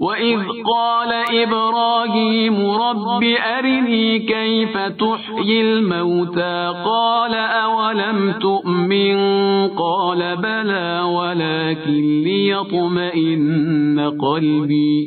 وَإِذْ قَالَ إِبْرَاهِيمُ رَبِّ أَرِنِي كَيْفَ تُحْيِي الْمَوْتَى قَالَ أَوَلَمْ تُؤْمِنْ قَالَ بَلَى وَلَكِنْ لِيَطْمَئِنَّ قَلْبِي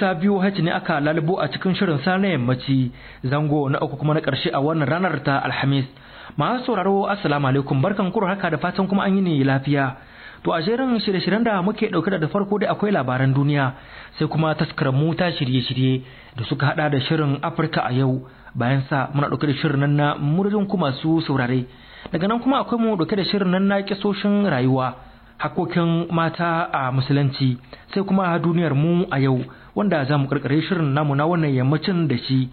biyu VOH ne aka lalubo a cikin shirin sa na yammaci zango na uku kuma na ƙarshe a wannan ranar ta Alhamis. Masu sauraro Assalamu alaikum barkan kuro haka da fatan kuma an yi ne lafiya. To a jerin shirye-shiryen da muke ɗauke da farko dai akwai labaran duniya sai kuma taskaran mu ta shirye-shirye da suka haɗa da shirin Afirka a yau bayan sa muna ɗauke da shirin nan na murjin kuma su saurare. Daga nan kuma akwai mu ɗauke da shirin nan na kisoshin rayuwa hakokin mata a musulunci sai kuma duniyar mu a yau wanda za mu karkare shirin namu na wannan yammacin da shi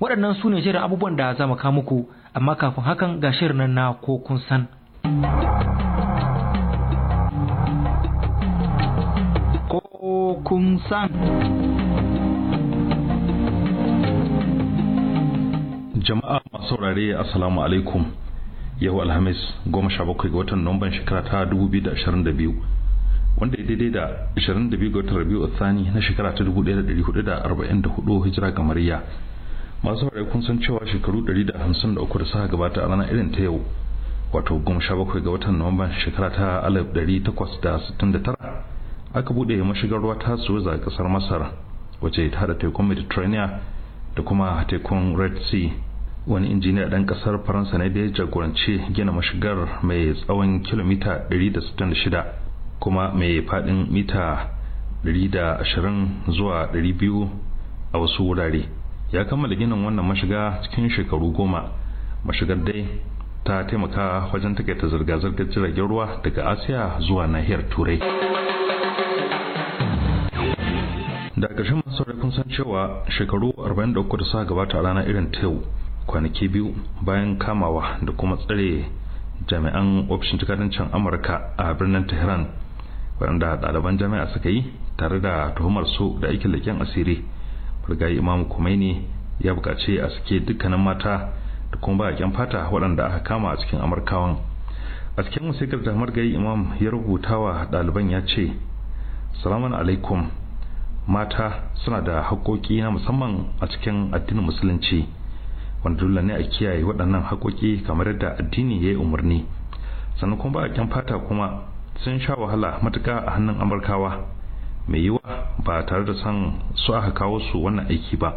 waɗannan su ne shirin abubuwan da za mu kawo muku amma kafin hakan ga shirin nan na ko kun san. Ko kun san. Jama'a masu saurare Assalamu alaikum. Yau Alhamis goma sha bakwai ga watan Nomban shekara ta biyu. wanda ya daidai da 22 ga watan rabiu tsani na shekara ta 1444 hijira kamariya masu haɗe kun san cewa shekaru 153 da suka gabata a ranar irin ta yau wato 17 ga watan nuwamban shekara ta 1869 aka buɗe mashigar ruwa ta suza a kasar masar wacce ta haɗa tekun mediterranean da kuma tekun red sea wani injiniya ɗan ƙasar faransa ne da ya jagoranci gina mashigar mai tsawon kilomita 166 kuma mai faɗin mita 120 zuwa 200 a wasu wurare ya kammala ginin wannan mashiga cikin shekaru goma mashigar dai ta taimaka wajen takaita zirga-zirgar jiragen ruwa daga asiya zuwa nahiyar turai da ƙarshen masu kun san cewa shekaru 43 da suka gabata a rana irin ta yau kwanaki biyu bayan kamawa da kuma tsare jami'an ofishin jikadancin amurka a birnin tehran waɗanda ɗaliban jami'a suka yi tare da tuhumar su da aikin leƙen asiri burgayi imam kumaini ya buƙaci a suke dukkanin mata da kuma baƙin fata waɗanda aka kama a cikin amurkawan a cikin musikar da margayi imam ya rubuta wa ɗaliban ya ce salamun alaikum mata suna da haƙoƙi na musamman a cikin addinin musulunci wanda dole ne a kiyaye waɗannan haƙoƙi kamar yadda addini ya yi umarni sannan kuma baƙin fata kuma sun sha wahala matuka a hannun amurkawa mai yiwa ba tare da san su aka kawo su wannan aiki ba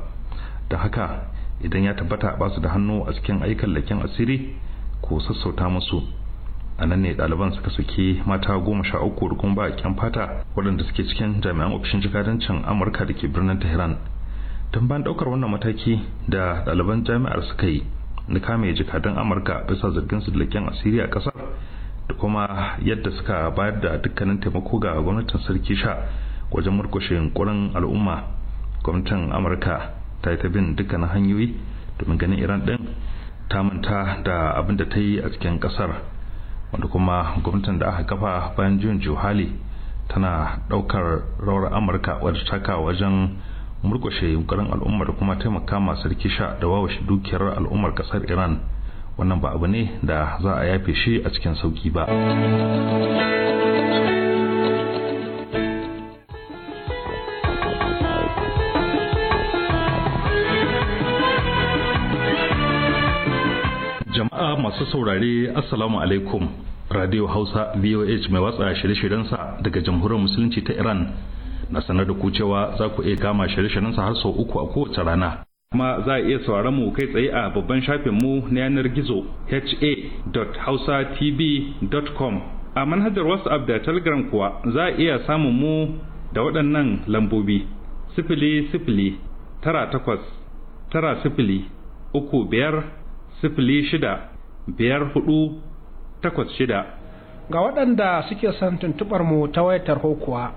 da haka idan ya tabbata ba su da hannu a cikin aikan laƙin asiri ko sassauta musu a nan ne ɗaliban suka suke mata goma sha uku rukun ba kyan fata waɗanda suke cikin jami'an ofishin jikadancin amurka da ke birnin tehran tun ban ɗaukar wannan mataki da ɗaliban jami'ar suka yi na kame jikadan amurka bisa zargin su da laƙin asiri a ƙasar da kuma yadda suka bayar da dukkanin taimako ga gwamnatin sarki sha wajen murkushe yunkurin al'umma gwamnatin amurka ta yi ta bin dukkanin hanyoyi domin ganin iran din ta manta da abin da ta yi a cikin kasar wanda kuma gwamnatin da aka kafa bayan juyin juhali tana daukar rawar amurka wadda taka wajen murkushe yunkurin al'umma da kuma taimaka masu sarki sha da wawashe dukiyar al'ummar kasar iran wannan ba abu ne da za a yafe shi a cikin sauki ba jama'a masu saurare assalamu alaikum radio hausa voh mai watsa shirye sa daga jamhuriyar musulunci ta iran na sanar da ku cewa za ku iya gama shirye-shiryensa har sau uku a kowace rana kuma za a iya saurari mu kai tsaye a babban shafin mu na yanar gizo ha.hausa.tv.com a manhajar whatsapp da telegram kuwa za a iya samun mu da waɗannan lambobi sifili sifili tara takwas tara sifili uku biyar sifili shida biyar hudu takwas shida ga waɗanda suke son tuntuɓar mu ta wayar tarho kuwa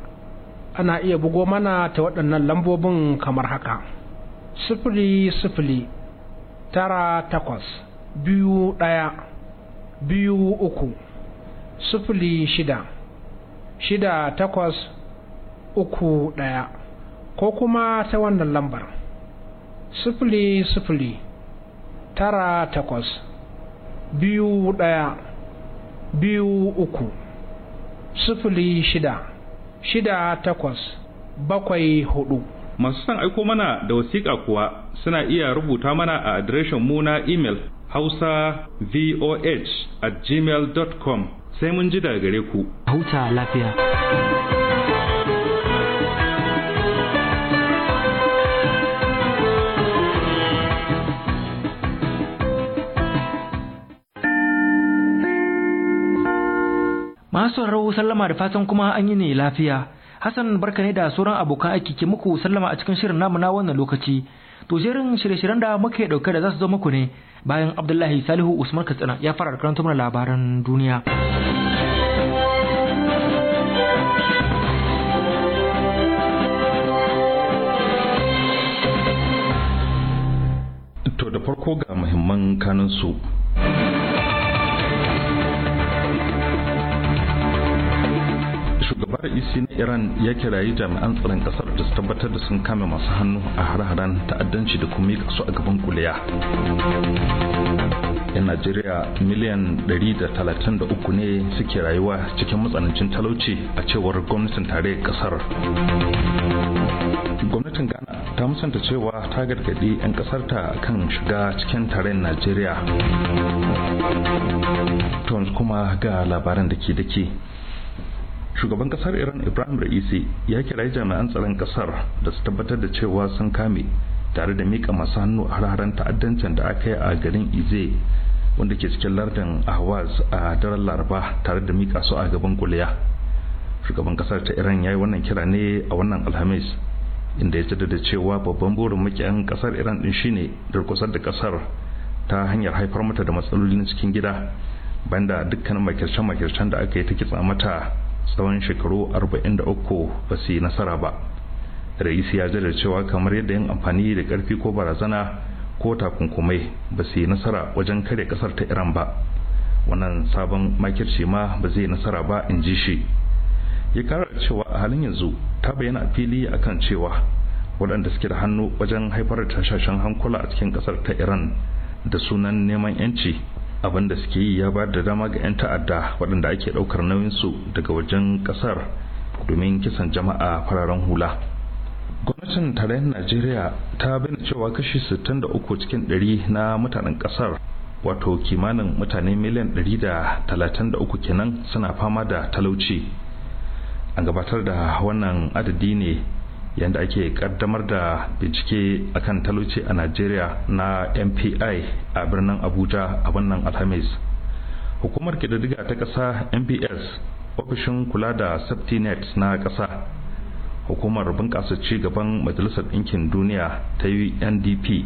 ana iya bugo mana ta waɗannan lambobin kamar haka sifili sifili tara takwas biyu ɗaya biyu uku sifili shida shida takwas uku ɗaya ko kuma ta wannan lambar sifili sifili tara takwas biyu ɗaya biyu uku sifili shida shida takwas bakwai hudu masu son aiko mana da wasiƙa kuwa suna iya rubuta mana a adireshin mu na imel hausa voh at gmail.com sai mun ji daga gare ku Hauta lafiya masu sallama da fatan kuma an yi ne lafiya Hassan barka ne da sauran abokan aiki ke muku sallama a cikin shirin namu na wannan lokaci. To jerin shirye-shiryen da muke dauke da zasu zo muku ne bayan Abdullahi Salihu Usman Katsina ya fara karanta mana labaran duniya. To da farko ga muhimman kanin su fara'isi na iran ya kirayi jami'an tsaron kasar da su tabbatar da sun kame masu hannu a hare-haren ta'addanci da kuma yi su a gaban kuliya yan najeriya miliyan 133 ne suke rayuwa cikin matsanancin talauci a cewar gwamnatin tarayyar kasar gwamnatin ghana ta musanta cewa ta gargaɗi 'yan ƙasarta kan shiga cikin tarayyar najeriya tons kuma ga labaran da ke dake shugaban kasar iran ibrahim ra'isi ya kira jami'an tsaron kasar da su tabbatar da cewa sun kame tare da mika masu hannu a hararen ta'addancin da aka yi a garin ize wanda ke cikin lardin ahwaz a daren laraba tare da mika su a gaban kuliya shugaban kasar ta iran ya yi wannan kira ne a wannan alhamis inda ya jaddada cewa babban burin makiyan kasar iran din shine durkusar da kasar ta hanyar haifar mata da matsalolin cikin gida banda dukkanin makirce-makircen da aka yi ta kitsa mata tsawon shekaru 43 ba su yi nasara ba rais ya jira cewa kamar yadda yin amfani da karfi ko barazana ko takunkumai ba su yi nasara wajen kare kasar ta iran ba wannan sabon makirci ma ba zai nasara ba in ji shi ya kara cewa a halin yanzu ta bayyana a fili akan cewa waɗanda suke da hannu wajen haifar da tashashen hankula a cikin kasar ta iran da sunan neman yanci abin da suke yi ya ba da dama ga 'yan ta'adda waɗanda ake ɗaukar nauyinsu daga wajen ƙasar domin kisan jama'a fararen hula gwamnatin tarayyar najeriya ta bayyana cewa kashi 63 cikin 100 na mutanen ƙasar wato kimanin mutane miliyan 133 kenan suna fama da talauci an gabatar da wannan adadi ne yadda ake kaddamar da bincike akan talauci a najeriya na mpi a birnin abuja a wannan alhamis hukumar kididdiga ta ƙasa mps ofishin kula da net na ƙasa hukumar bunƙasa ci gaban majalisar ɗinkin duniya ta undp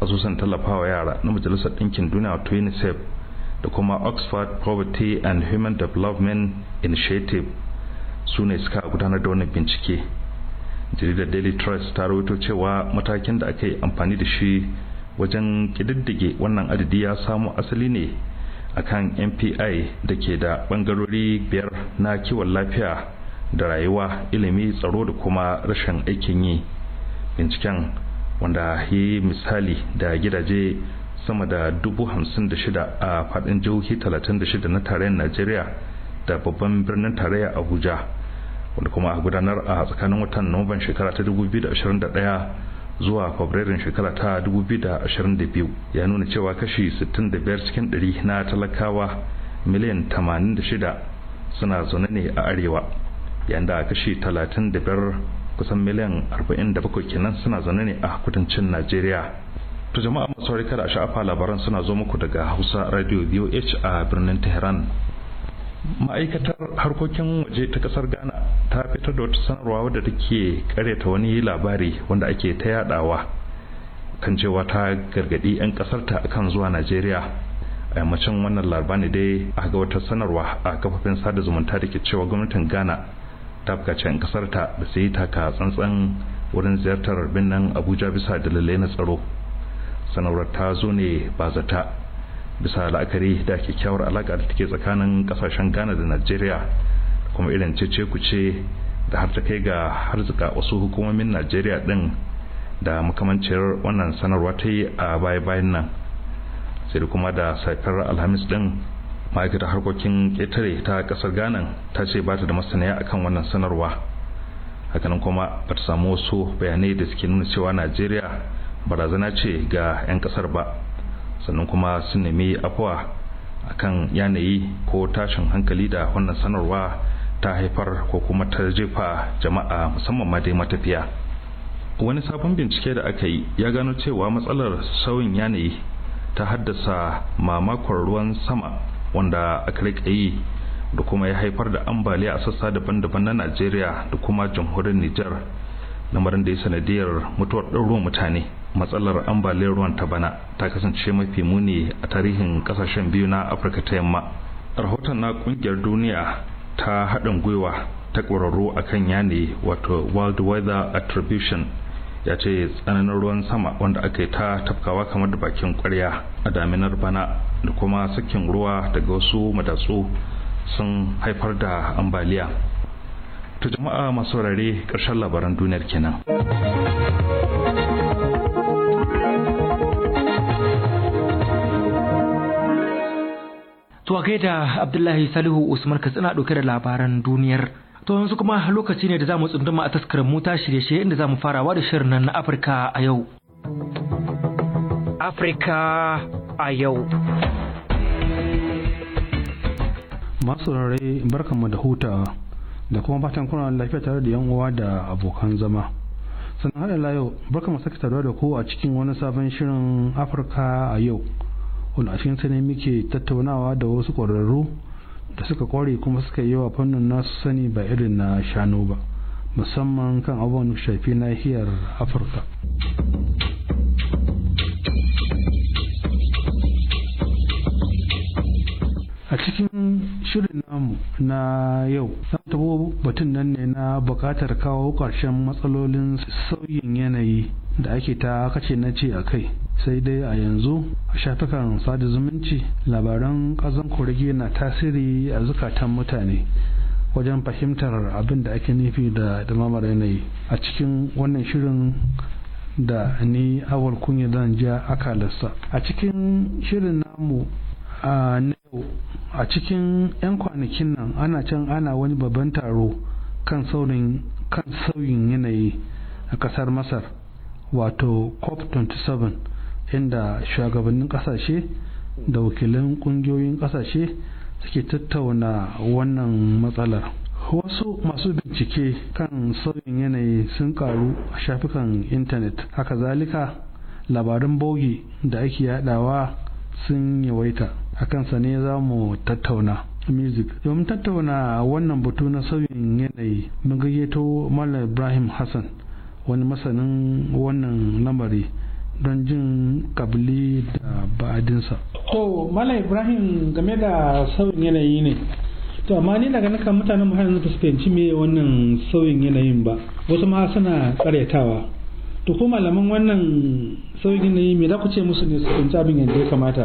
asusun tallafawa yara na majalisar ɗinkin duniya ta unicef da kuma oxford poverty and human development initiative su ne suka gudanar da wani bincike jaridar daily trust ta rawaito cewa matakin da aka yi amfani da shi wajen kididdige wannan adadi ya samo asali ne akan npi da ke da ɓangarori biyar na kiwon lafiya da rayuwa ilimi tsaro da kuma rashin aikin yi binciken wanda yi misali da gidaje sama da dubu hamsin a faɗin jihohi talatin da na tarayyar najeriya da babban birnin tarayya abuja wanda kuma a gudanar a tsakanin watan nuwamban shekara ta 2021 zuwa fabrairun shekara ta 2022 ya nuna cewa kashi 65 cikin 100 na talakawa miliyan 86 suna zaune ne a arewa yayin da kashi 35 kusan miliyan 47 kenan suna zaune ne a kudancin najeriya to jama'a masu kada a sha'afa labaran suna zo muku daga hausa radio voh a birnin tehran ma'aikatar harkokin waje ta kasar ghana ta fitar da wata sanarwa wadda take karyata wani labari wanda ake ta yadawa kan cewa ta gargadi 'yan kasarta akan zuwa najeriya a yammacin wannan labari dai a ga wata sanarwa a kafafen sada zumunta da ke cewa gwamnatin ghana ta bukaci 'yan kasarta da su yi taka tsantsan wurin ziyartar birnin abuja bisa dalilai na tsaro sanarwar ta zo ne ba zata bisa la'akari da kyakkyawar alaƙa da take tsakanin ƙasashen ghana da najeriya kuma irin cece ce da har ta kai ga har zuka wasu hukumomin najeriya din da makamanciyar wannan sanarwa ta yi a baya-bayan nan sai kuma da saifar alhamis din ma'aikatar harkokin ƙetare ta ƙasar ghana ta ce ba ta da masaniya akan wannan sanarwa hakanan kuma ba ta samu wasu bayanai da suke nuna cewa najeriya barazana ce ga 'yan ƙasar ba sannan kuma sun nemi afuwa kan yanayi ko tashin hankali da wannan sanarwa ta haifar ko kuma ta jefa jama'a musamman ma dai matafiya wani sabon bincike da aka yi ya gano cewa matsalar sauyin yanayi ta haddasa mamakon ruwan sama wanda aka rika yi da kuma ya haifar da ambaliya a sassa daban-daban na najeriya da kuma jamhuriyar nijar lamarin da ya sanadiyar mutuwar ruwan mutane matsalar ambaliyar ruwan ta bana ta kasance mafi muni a tarihin kasashen biyu na afirka ta yamma rahoton na kungiyar duniya ta haɗin gwiwa ta ƙwararru a kan yane wato world weather attribution ya ce tsananin ruwan sama wanda aka yi ta tafkawa kamar da bakin kwarya a daminar bana da kuma sakin ruwa daga wasu madatsu sun haifar da ambaliya ta jama'a masu rare ƙarshen labaran duniyar kenan To da Abdullahi Salihu Usman Katsina ɗauke da labaran duniyar. To yanzu kuma lokaci ne da za mu tsunduma a taskarar mu shirye-shirye inda za mu farawa da shirin nan na Afirka a yau. Afirka a yau. Masu rarrai barkanmu da huta da kuma fatan kuna lafiya tare da yan uwa da abokan zama. Sannan har yau barkanmu sake da ku a cikin wani sabon shirin Afirka a yau. wani a cikin ne muke tattaunawa da wasu ƙwararru da suka ƙware kuma suka yi wa fannin nasu sani ba irin na shanu ba musamman kan abubuwan shafi nahiyar afirka a cikin shirin namu na yau na tabo batun nan ne na bukatar kawo ƙarshen matsalolin sauyin yanayi da ake ta kace na ce a kai sai dai a yanzu a shafukan sada zumunci labaran ƙazan kurege na tasiri a zukatan mutane wajen fahimtar abin da ake nufi da dumamar yanayi a cikin wannan shirin da ni awal kunya zan ja akalarsa a cikin shirin namu a a cikin 'yan kwanakin nan ana can ana wani babban taro kan kan sauyin yanayi a kasar masar wato cop 27 inda shugabannin kasashe da wakilan kungiyoyin kasashe suke tattauna wannan matsalar wasu masu bincike kan sauyin yanayi sun karu a shafukan intanet haka zalika labarin bogi da ake yadawa sun yawaita a kansa ne za mu tattauna music domin tattauna wannan batu na sauyin yanayi mun gayyato malam ibrahim hassan wani masanin wannan lamari don jin kabili da ba'adinsa to mala ibrahim game da sauyin yanayi ne to amma ni daga nuka mutanen mu yanzu su fahimci me wannan sauyin yanayin ba wasu ma suna karyatawa to ko malaman wannan sauyin yanayi me za ku ce musu ne su fahimci abin yadda ya kamata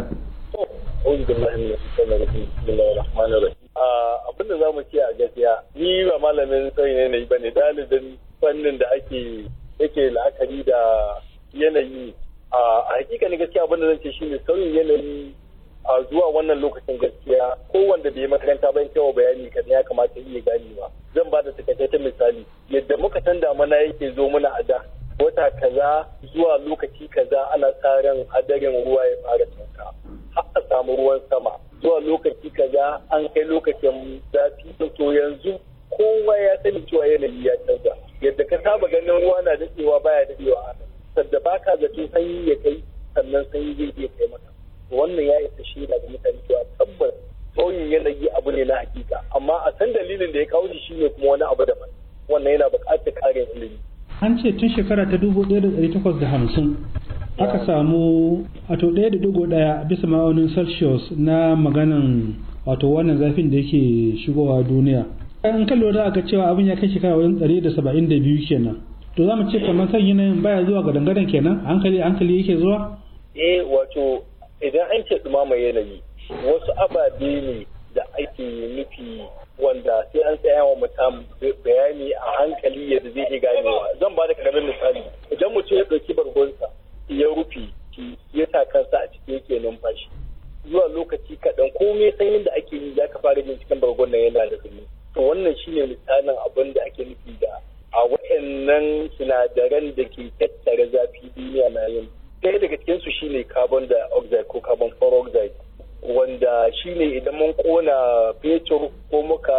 ah, abin da za mu ce a gaskiya ni ba malamin sauyin yanayi ba ne ɗalibin fannin da ake yake la'akari da yanayi a ne gaskiya abinda zan ce shine sauyin yanayi a zuwa wannan lokacin gaskiya ko wanda bai makaranta ba yawa bayani kan ya kamata iya gani ba. zan ba da takaitaccen misali yadda muka san damana yake zo mana a da wata kaza zuwa lokaci kaza ana sa ran hadarin ruwa ya fara sauka har a samu ruwan sama zuwa lokaci kaza an kai lokacin zafi to yanzu kowa ya sani cewa yanayi ya canza yadda ka saba ganin ruwa na daɗewa baya daɗewa a nan sadda ba ka zato sanyi ya kai sannan sanyi zai iya kai maka wannan ya isa shaida ga mutane cewa tabbas sauyin yanayi abu ne na hakika amma a san dalilin da ya kawo shi shine kuma wani abu daban wannan yana buƙatar ƙarin ilimi an ce tun shekara ta dubu ɗaya da ɗari takwas da hamsin aka samu wato ɗaya da dubu ɗaya bisa ma'aunin celsius na maganan wato wannan zafin da yake shigowa duniya in ka lura ga cewa abin ya kai shekara wajen 172 kenan to za mu ce kamar san yanayin baya zuwa ga dangaren kenan hankali hankali yake zuwa eh wato idan an ce dumama yanayi wasu ababe ne da ake nufi wanda sai an tsaya wa mutum bayani a hankali yadda zai iya ganewa zan ba da karamin misali idan mutum ya ɗauki bargonsa ya rufe ya sa kansa a cikin yake numfashi zuwa lokaci kaɗan komai sanyin da ake yi ya ka fara jin cikin bargon nan yana da sanyi to wannan shine misalin abin da ake nufi da a waɗannan sinadaran da ke tattara zafi duniya na yin ɗaya daga cikin su shine carbon dioxide ko carbon peroxide wanda shine idan mun kona fetur ko muka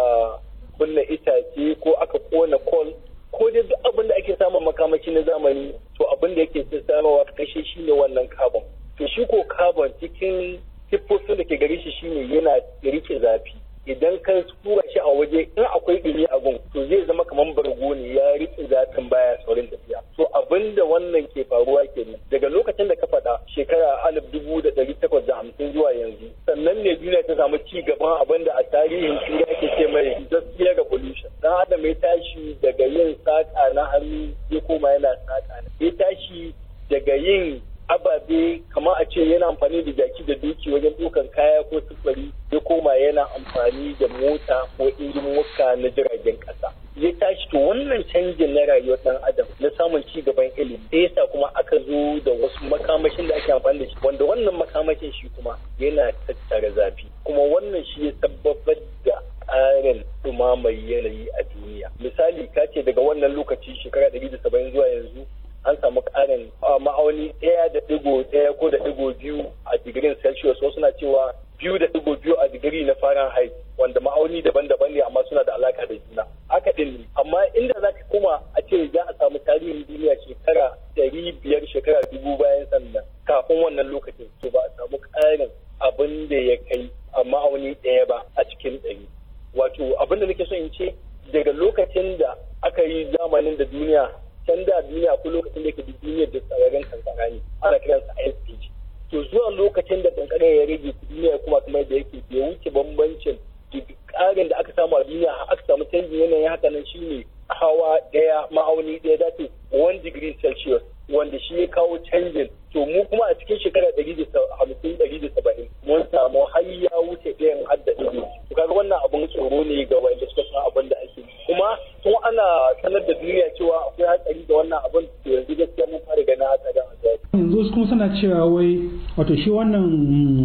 to mu kuma a cikin shekara ɗari da hamsin ɗari da saba'in mun samu har ya wuce ɗayan har da ɗari to kaga wannan abun tsoro ne ga wanda suka san abin da ake kuma tun ana sanar da duniya cewa akwai hatsari da wannan abin to yanzu gaskiya mun fara ganin hatsarin yanzu kuma suna cewa wai wato shi wannan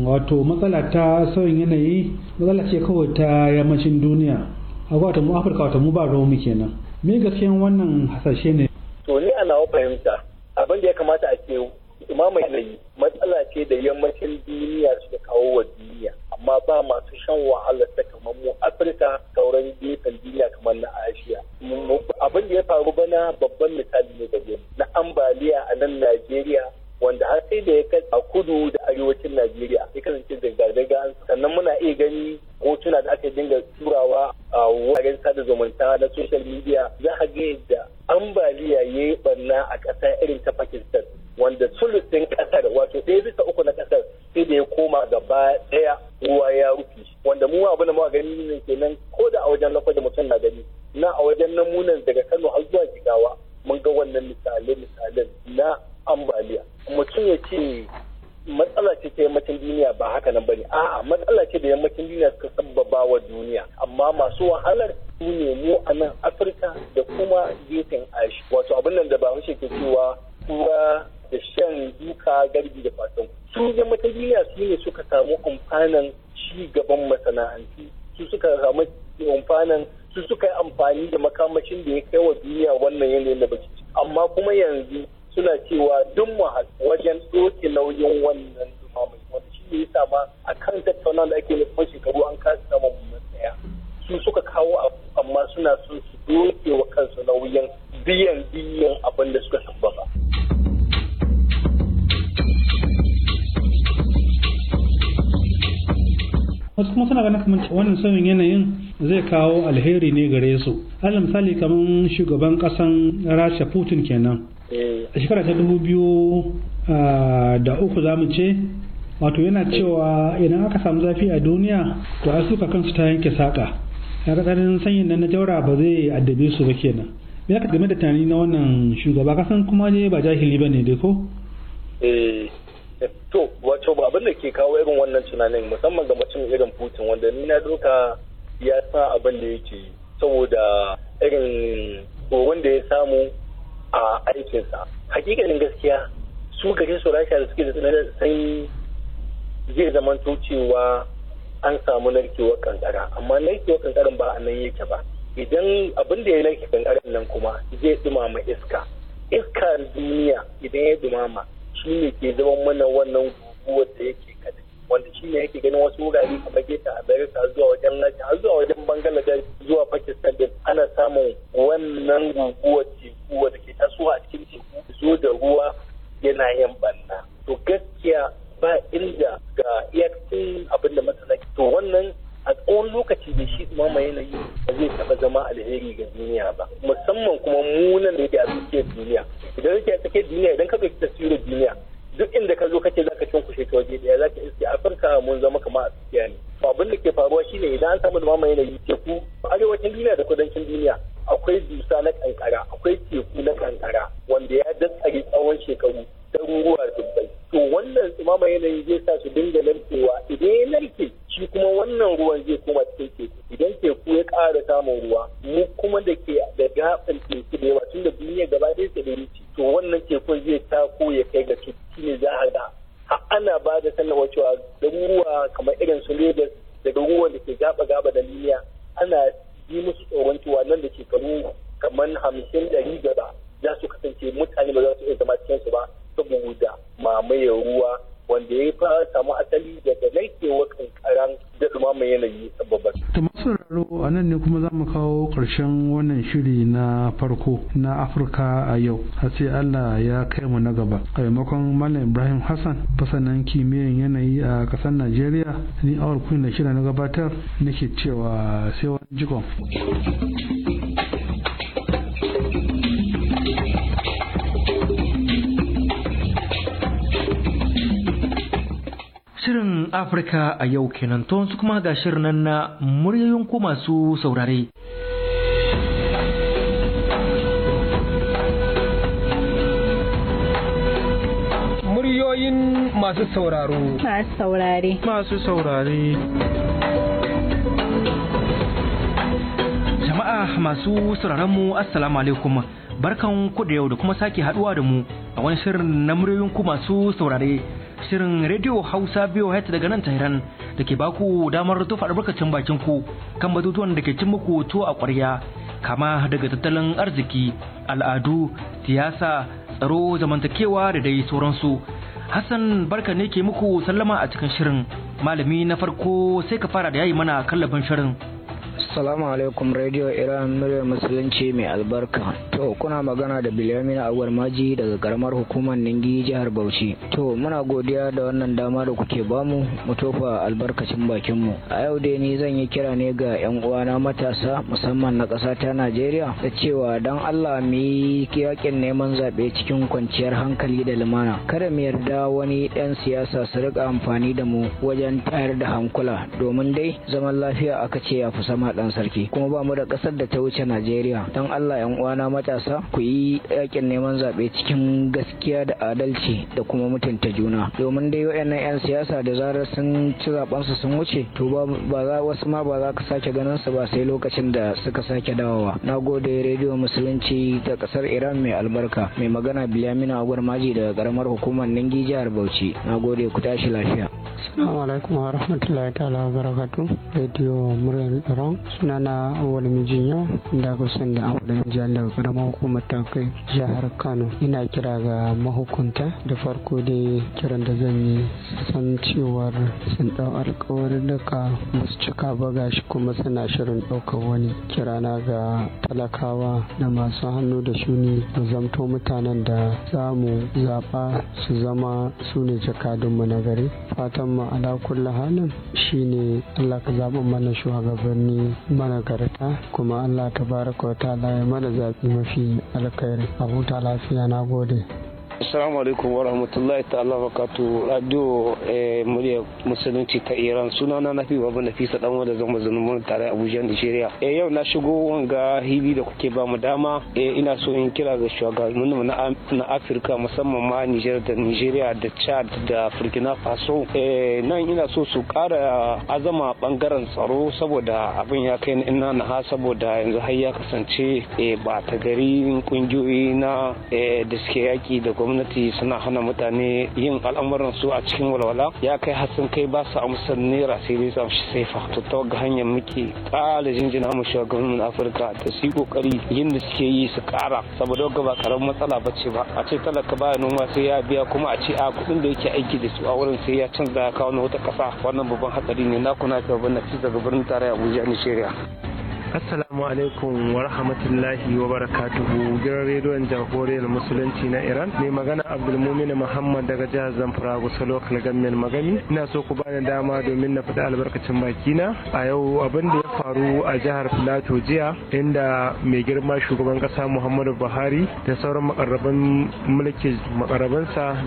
wato matsala ta sauyin yanayi matsala ce kawai ta yammacin duniya a wato mu afirka wato mu ba ruwan mu kenan me gaskiyan wannan hasashe ne kawo amma suna son su doke wa kansu nauyin biyan biyan abin da suka ba. wasu kuma suna ganin kamar wannan sanin yanayin zai kawo alheri ne gare su alal misali kamar shugaban kasan rasha putin kenan eh. a shekara ta dubu biyu ah, da uku za mu ce wato yana cewa idan aka samu zafi a duniya to a suka kansu ta yanke saƙa kaga tsananin sanyin nan na jaura ba zai addabe su ba kenan ya ka game da tunani na wannan shugaba kasan kuma ne ba jahili ba ne dai ko eh, to wato ba abin da ke kawo irin wannan tunanin musamman ga mutum irin putin wanda ni na doka ya sa abin da yake saboda irin horon da ya samu a aikinsa hakikalin gaskiya su gare su rasha da suke da tsananin sanyi zai zamanto cewa an samu narkewar kankara amma narkewar kankara ba a nan yake ba idan abin da ya narke kankaran nan kuma zai dumama iska iskar duniya idan ya dumama shi ne ke zama mana wannan guguwar da yake kada wanda shi ne yake ganin wasu wurare a kamar ta america zuwa wajen lafiya zuwa wajen bangladesh zuwa pakistan din ana samun wannan guguwar teku wadda ke tasowa a cikin teku zo da ruwa yana yin banna to gaskiya ba inda ga iyakacin abin da to wannan a tsawon lokaci da shi kuma yanayi ba zai taba zama alheri ga duniya ba musamman kuma munan da yake a duniya idan yake a duniya idan ka ɗauki taswirar duniya duk inda ka zo kace za ka cunkushe ta waje daya za ka iske afirka mun zama kamar a tsakiya ne to abin da ke faruwa shine idan an samu zama yanayi teku arewacin duniya da kudancin duniya akwai dusa na kankara akwai teku na kankara wanda ya daskare tsawon shekaru ɗaruruwa da to wannan tsumama yanayi zai sa su dinga narkewa idan ya narke shi kuma wannan ruwan zai koma cikin teku idan teku ya ƙara samun ruwa mu kuma da ke da gaɓin teku da yawa tun da duniya gaba ɗaya da rufe to wannan tekun zai tako ya kai ga shi ne za a ga ana ba da sanarwa cewa garuruwa kamar irin su Lagos da ruwan da ke gaba gaba da duniya ana yi musu tsoron cewa nan da shekaru kamar hamsin ɗari gaba za su kasance mutane ba za su iya zama cikinsu ba saboda mamaye ruwa wanda ya yi fara samu asali daga laikewar kankaran da dumama yanayi sababar. Ta masu raro a nan ne kuma za mu kawo ƙarshen wannan shiri na farko na Afirka a yau. A sai Allah ya kai mu na gaba. A maimakon Malam Ibrahim Hassan fasanan kimiyyar yanayi a ƙasar Najeriya ni awar kun da shida na gabatar nake cewa sai wani jikon. Shirin Afirka a yau kenan to su kuma ga shirin nan na muryoyin ku masu saurare. Muryoyin masu sauraro. Masu saurare. Masu saurare. jama'a masu sauraron mu assalamu alaikum barkan ku da yau da kuma sake haduwa da mu a wani shirin na muryoyin ku masu saurare shirin Radio Hausa het daga nan Tehran da ke baku damar tufa albarkacin bakin ku kan batutuwan da ke cin muku tuwo a ƙwarya kama daga tattalin arziki, al'adu, siyasa, tsaro, zamantakewa da dai sauransu. Hassan barka ne ke muku sallama a cikin shirin malami na farko sai ka fara da yayi mana kallafin shirin. Salamu alaikum Radio Iran muryar musulunci mai albarka. To kuna magana da Bilyamin Awar Maji daga karamar hukumar Ningi jihar Bauchi. To muna godiya da wannan dama da kuke bamu mu tofa albarkacin bakin mu. A yau dai ni zan yi kira ne ga yan uwana matasa musamman na ƙasa ta Najeriya da cewa dan Allah mu yi yakin neman zaɓe cikin kwanciyar hankali da lumana. Kada mu yarda wani ɗan siyasa su riƙa amfani da mu wajen tayar da hankula domin dai zaman lafiya aka ce ya fi sama dan sarki kuma ba mu da kasar da ta wuce Najeriya dan Allah yan uwana matasa ku yi yakin neman zaɓe cikin gaskiya da adalci da kuma mutunta juna domin dai wayannan yan siyasa da zarar sun ci zaben sun wuce to ba za wasu ma ba za ka sake ganin su ba sai lokacin da suka sake dawowa gode rediyo musulunci ta kasar Iran mai albarka mai magana Bilamina Agwar Maji daga karamar hukumar Ningi jihar Bauchi nagode ku tashi lafiya assalamu alaikum wa rahmatullahi ta'ala wa barakatuh rediyo muryar Iran sunana awal mijinya da ku san da awalin jihar karamar hukumar ta kai jihar kano ina kira ga mahukunta da farko da kiran da zan yi san cewar sun dau alkawarin daga basu cika ba gashi kuma suna shirin ɗaukar wani kirana ga talakawa da masu hannu da shuni da zamto mutanen da zamu zaba su zama su ne jakadunmu na gari fatan mu ala halin shine allah ka zaɓa mana shugabanni mana managarta kuma Allah ta wa ta'ala ya mana zaɓi mafi alkhairi abu ta lafiya na gode Assalamu alaikum wa rahmatullahi ta wa radio eh, murya musulunci ta Iran sunana na fi Nafisa dan wanda zama mun tare Abuja Nigeria. E yau na shigo wanga hibi da kuke ba mu dama e ina so in kira ga shugabannin na na Afirka musamman ma Niger da Nigeria da Chad da Burkina Faso. E nan ina so su kara azama bangaren tsaro saboda abin ya kai ina na ha saboda yanzu har ya kasance ba ta gari kungiyoyi na da suke yaki da gwamnati suna hana mutane yin al'amuran su a cikin walwala ya kai hasan kai ba su amsar naira sai dai zan shi saifa to ta ga hanyar muke ƙara jinjina mu shugabannin afirka da su kokari yin da suke yi su kara saboda ga ba karamin matsala ba ce ba a ce talaka baya noma sai ya biya kuma a ce a kuɗin da yake aiki da su a wurin sai ya canza ya kawo na wata ƙasa wannan babban hatsari ne na kuna ta babban na daga birnin tarayya abuja nigeria Assalamu alaikum wa rahmatullahi wa barakatuhu gidan rediyon jamhuriyar musulunci na Iran mai magana Abdulmumin Muhammad daga jihar Zamfara Gusa Local gamin Magani ina so ku bani dama domin na faɗi albarkacin na. a yau abin da ya faru a jihar Filato jiya inda mai girma shugaban ƙasa Muhammadu Buhari da sauran makarraban mulki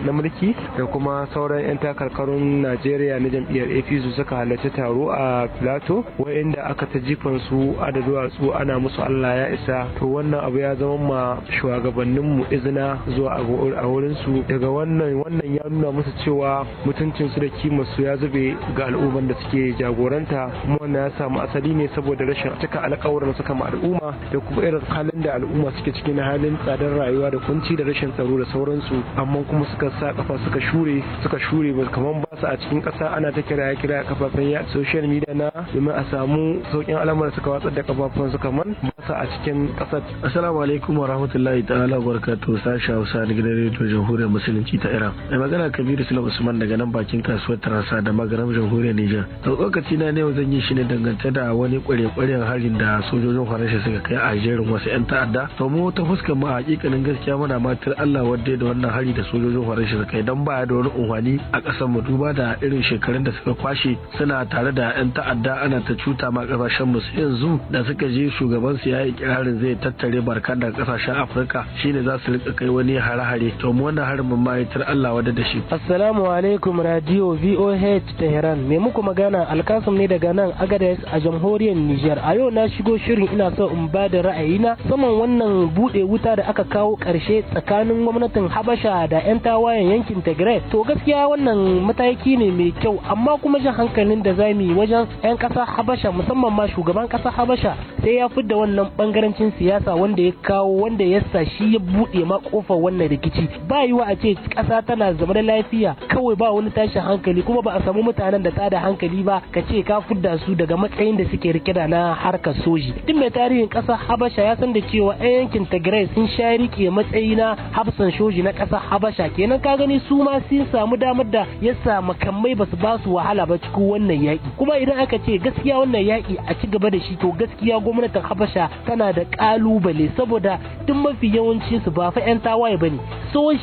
na mulki da kuma sauran 'yan takarkarun Najeriya na jam'iyyar APC suka halarci taro a Filato wa'inda aka ta jifan su da duwatsu ana musu Allah ya isa to wannan abu ya zama ma shugabannin mu izina zuwa a wurin su daga wannan wannan ya nuna musu cewa mutuncin su da kimar su ya zube ga al'umman da suke jagoranta kuma wannan ya samu asali ne saboda rashin cika alƙawarin suka ma al'umma da kuma irin halin da al'umma suke ciki na halin tsadar rayuwa da kunci da rashin tsaro da sauransu amma kuma suka sa kafa suka shure suka shure ba kaman ba su a cikin kasa ana ta kira kira kafafen social media na domin a samu sauƙin al'amuran suka watsar da kafafun suka man masa a cikin kasar assalamu alaikum wa rahmatullahi ta'ala wa barakatuh sashi hausa na gidan rediyo jamhuriyar musulunci ta iran mai magana kabiru Sula usman daga nan bakin kasuwar Taransa da magaram jamhuriyar nijar lokaci na ne zan yi shi ne dangance da wani kware-kwaren harin da sojojin faransa suka kai a jerin wasu 'yan ta'adda to mu ta fuskar mu a hakikanin gaskiya muna matar allah wadda da wannan hari da sojojin faransa suka kai don baya da wani unhwani a kasar mu duba da irin shekarun da suka kwashe suna tare da 'yan ta'adda ana ta cuta ma kasashen mu yanzu da suka shugaban shugabansu ya yi kirarin zai tattare barkan da kasashen afirka shine za su rika kai wani hare-hare to mu wannan harin mun mayitar allah wadda da shi assalamu alaikum radio voh tehran me muku magana alkasum ne daga nan agadez a jamhuriyar niger a yau na shigo shirin ina so in ba da ra'ayina saman wannan bude wuta da aka kawo karshe tsakanin gwamnatin habasha da 'yan tawayen yankin tigray to gaskiya wannan mataki ne mai kyau amma kuma jin hankalin da zamu yi wajen 'yan kasa habasha musamman ma shugaban kasa habasha siyasa sai ya fidda wannan bangarancin siyasa wanda ya kawo wanda ya sa shi ya buɗe ma kofar wannan rikici ba yiwa a ce ƙasa tana zama da lafiya kawai ba wani tashin hankali kuma ba a samu mutanen da tada hankali ba ka ce ka fidda su daga matsayin da suke rike da na harkar soji duk mai tarihin ƙasar habasha ya san da cewa 'yan yankin tigray sun sha rike matsayi na hafsan soji na ƙasar habasha kenan ka gani su ma sun samu damar da ya sa makamai ba su ba su wahala ba cikin wannan yaƙi kuma idan aka ce gaskiya wannan yaƙi a ci gaba da shi to gaskiya gwamnatin habasha tana da kalubale saboda duk mafi yawanci su ba fa yan tawaye bane